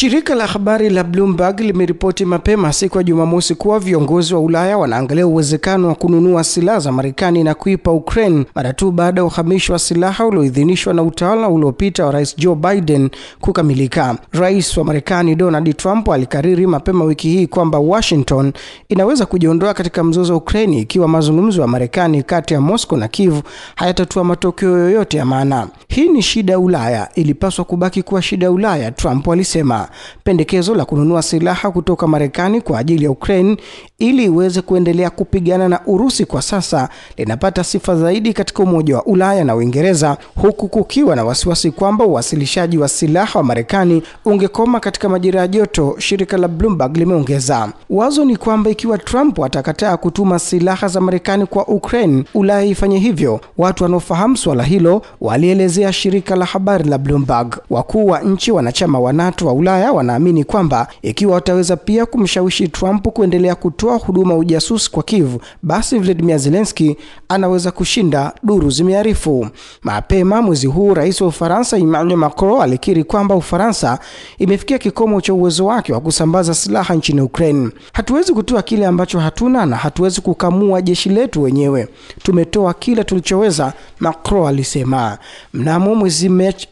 Shirika la habari la Bloomberg limeripoti mapema siku ya Jumamosi kuwa viongozi wa Ulaya wanaangalia uwezekano wa kununua silaha za Marekani na kuipa Ukraine mara tu baada ya uhamisho wa silaha ulioidhinishwa na utawala uliopita wa Rais Joe Biden kukamilika. Rais wa Marekani Donald Trump alikariri mapema wiki hii kwamba Washington inaweza kujiondoa katika mzozo wa Ukraine ikiwa mazungumzo ya Marekani kati ya Moscow na Kiev hayatatua matokeo yoyote ya maana. Hii ni shida ya Ulaya, ilipaswa kubaki kuwa shida ya Ulaya, Trump alisema. Pendekezo la kununua silaha kutoka Marekani kwa ajili ya Ukraine ili iweze kuendelea kupigana na Urusi kwa sasa linapata sifa zaidi katika Umoja wa Ulaya na Uingereza, huku kukiwa na wasiwasi kwamba uwasilishaji wa silaha wa Marekani ungekoma katika majira ya joto, shirika la Bloomberg limeongeza. Wazo ni kwamba ikiwa Trump atakataa kutuma silaha za Marekani kwa Ukraine, Ulaya ifanye hivyo. Watu wanaofahamu swala hilo walielezea ya shirika la habari la Bloomberg. Wakuu wa nchi wanachama wa NATO wa Ulaya wanaamini kwamba ikiwa wataweza pia kumshawishi Trump kuendelea kutoa huduma ujasusi kwa Kiev, basi vladimir Zelensky anaweza kushinda, duru zimearifu. Mapema mwezi huu, rais wa Ufaransa Emmanuel Macron alikiri kwamba Ufaransa imefikia kikomo cha uwezo wake wa kusambaza silaha nchini Ukraine. Hatuwezi kutoa kile ambacho hatuna na hatuwezi kukamua jeshi letu wenyewe. Tumetoa kile tulichoweza, Macron alisema. Mna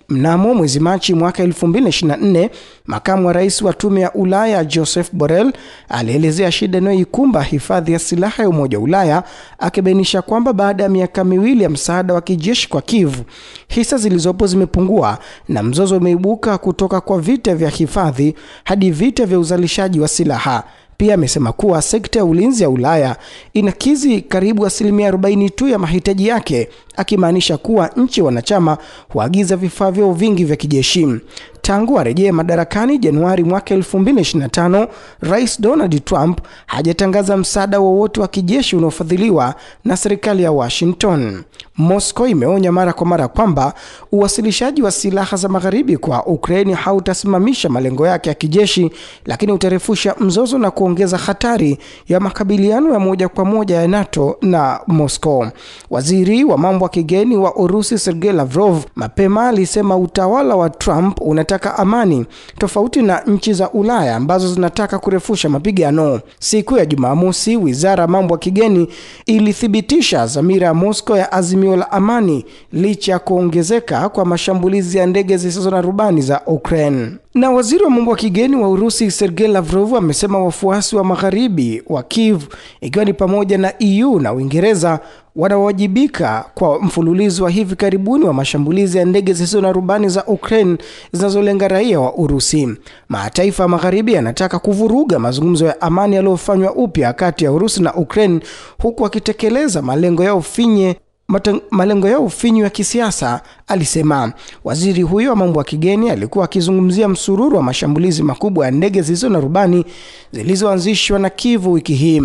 Mnamo mwezi Machi mwaka 2024, makamu wa rais wa tume ya Ulaya Joseph Borrell alielezea shida inayoikumba hifadhi ya silaha ya Umoja wa Ulaya, akibainisha kwamba baada ya miaka miwili ya msaada wa kijeshi kwa Kiev, hisa zilizopo zimepungua na mzozo umeibuka kutoka kwa vita vya hifadhi hadi vita vya uzalishaji wa silaha. Pia amesema kuwa sekta ya ulinzi ya Ulaya inakizi karibu asilimia 40 tu ya mahitaji yake, akimaanisha kuwa nchi wanachama huagiza vifaa vyao vingi vya kijeshi. Tangu arejee madarakani Januari mwaka 2025, Rais Donald Trump hajatangaza msaada wowote wa kijeshi unaofadhiliwa na serikali ya Washington. Moscow imeonya mara kwa mara kwamba uwasilishaji wa silaha za magharibi kwa Ukraine hautasimamisha malengo yake ya kijeshi, lakini utarefusha mzozo na kuongeza hatari ya makabiliano ya moja kwa moja ya NATO na Moscow. Waziri wa mambo ya kigeni wa Urusi Sergei Lavrov mapema alisema utawala wa Trump unataka amani tofauti na nchi za Ulaya ambazo zinataka kurefusha mapigano. Siku ya Jumamosi, wizara ya mambo ya kigeni ilithibitisha dhamira ya Moscow ya azimio azimio la amani licha ya kuongezeka kwa mashambulizi ya ndege zisizo na rubani za Ukraine. Na waziri wa mambo ya kigeni wa Urusi Sergei Lavrov amesema wafuasi wa magharibi wa Kiev, ikiwa ni pamoja na EU na Uingereza, wanawajibika kwa mfululizo wa hivi karibuni wa mashambulizi ya ndege zisizo na rubani za Ukraine zinazolenga raia wa Urusi. Mataifa ya magharibi yanataka kuvuruga mazungumzo ya amani yaliyofanywa upya kati ya Urusi na Ukraine, huku wakitekeleza malengo yao finye malengo yao finyu ya kisiasa alisema. Waziri huyo wa mambo ya kigeni alikuwa akizungumzia msururu wa mashambulizi makubwa ya ndege zisizo na rubani zilizoanzishwa na Kivu wiki hii.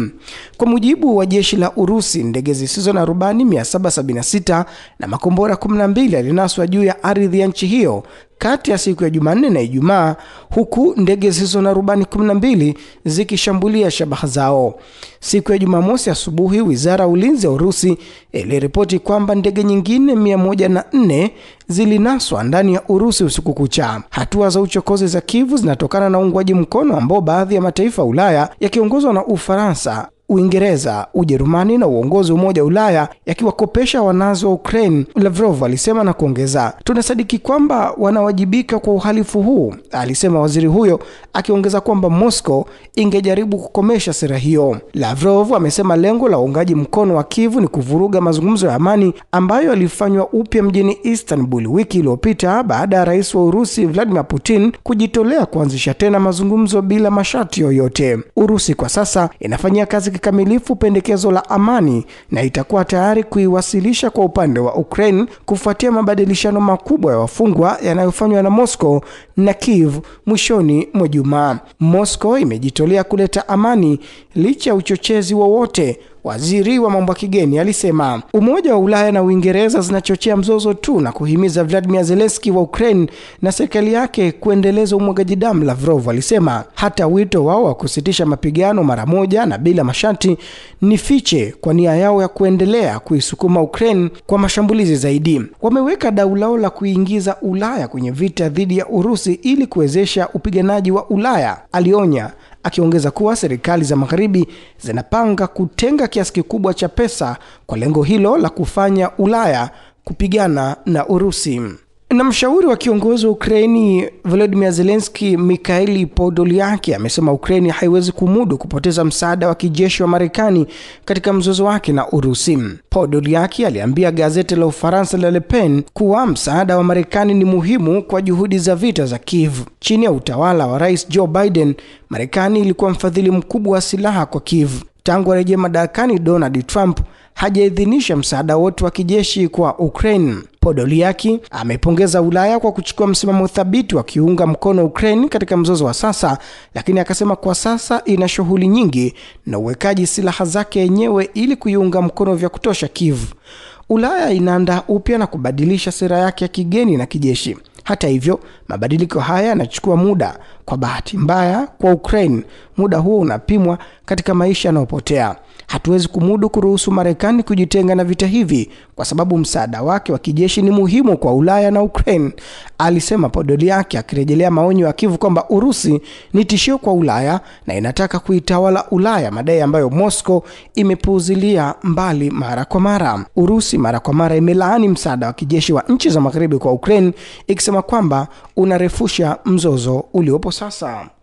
Kwa mujibu wa jeshi la Urusi, ndege zisizo na rubani 776 na makombora 12 yalinaswa juu ya ardhi ya nchi hiyo kati ya siku ya Jumanne na Ijumaa, huku ndege zisizo na rubani 12 zikishambulia shabaha zao. Siku ya Jumamosi asubuhi, wizara ya ulinzi ya Urusi iliripoti kwamba ndege nyingine 104 zilinaswa ndani ya Urusi usiku kucha. Hatua za uchokozi za kivu zinatokana na uungwaji mkono ambao baadhi ya mataifa ya Ulaya yakiongozwa na Ufaransa Uingereza, Ujerumani na uongozi wa Umoja wa Ulaya yakiwakopesha wanazi wa Ukraine, Lavrov alisema na kuongeza, tunasadiki kwamba wanawajibika kwa uhalifu huu, alisema waziri huyo, akiongeza kwamba Moscow ingejaribu kukomesha sera hiyo. Lavrov amesema lengo la uungaji mkono wa kivu ni kuvuruga mazungumzo ya amani ambayo yalifanywa upya mjini Istanbul wiki iliyopita baada ya rais wa Urusi Vladimir Putin kujitolea kuanzisha tena mazungumzo bila masharti yoyote. Urusi kwa sasa inafanyia kazi kikamilifu pendekezo la amani na itakuwa tayari kuiwasilisha kwa upande wa Ukraine kufuatia mabadilishano makubwa ya wafungwa yanayofanywa na Moscow na Kiev mwishoni mwa Jumaa. Moscow imejitolea kuleta amani licha ya uchochezi wowote waziri wa mambo ya kigeni alisema Umoja wa Ulaya na Uingereza zinachochea mzozo tu na kuhimiza Vladimir Zelensky wa Ukraine na serikali yake kuendeleza umwagaji damu, Lavrov alisema. Hata wito wao wa kusitisha mapigano mara moja na bila masharti ni fiche kwa nia yao ya kuendelea kuisukuma Ukraine kwa mashambulizi zaidi. Wameweka dau lao la kuingiza Ulaya kwenye vita dhidi ya Urusi ili kuwezesha upiganaji wa Ulaya, alionya akiongeza kuwa serikali za magharibi zinapanga kutenga kiasi kikubwa cha pesa kwa lengo hilo la kufanya Ulaya kupigana na Urusi. Na mshauri wa kiongozi wa Ukraini Volodymyr Zelensky, mikhaeli Podolyak, amesema Ukraini haiwezi kumudu kupoteza msaada wa kijeshi wa Marekani katika mzozo wake na Urusi. Podolyak aliambia gazeti la Ufaransa la Le Pen kuwa msaada wa Marekani ni muhimu kwa juhudi za vita za Kiev. Chini ya utawala wa Rais Joe Biden, Marekani ilikuwa mfadhili mkubwa wa silaha kwa Kiev. Tangu arejea madarakani Donald Trump hajaidhinisha msaada wote wa kijeshi kwa Ukraine. Podoliaki amepongeza Ulaya kwa kuchukua msimamo thabiti wa kiunga mkono Ukraine katika mzozo wa sasa, lakini akasema kwa sasa ina shughuli nyingi na uwekaji silaha zake yenyewe ili kuiunga mkono vya kutosha Kiev. Ulaya inaandaa upya na kubadilisha sera yake ya kigeni na kijeshi. Hata hivyo, mabadiliko haya yanachukua muda kwa bahati mbaya kwa Ukraine, muda huo unapimwa katika maisha yanayopotea. Hatuwezi kumudu kuruhusu Marekani kujitenga na vita hivi, kwa sababu msaada wake wa kijeshi ni muhimu kwa Ulaya na Ukraine, alisema Podolyak akirejelea maonyo ya kivu kwamba Urusi ni tishio kwa Ulaya na inataka kuitawala Ulaya, madai ambayo Moscow imepuuzilia mbali mara kwa mara. Urusi mara kwa mara imelaani msaada wa kijeshi wa nchi za Magharibi kwa Ukraine, ikisema kwamba unarefusha mzozo uliopo forçação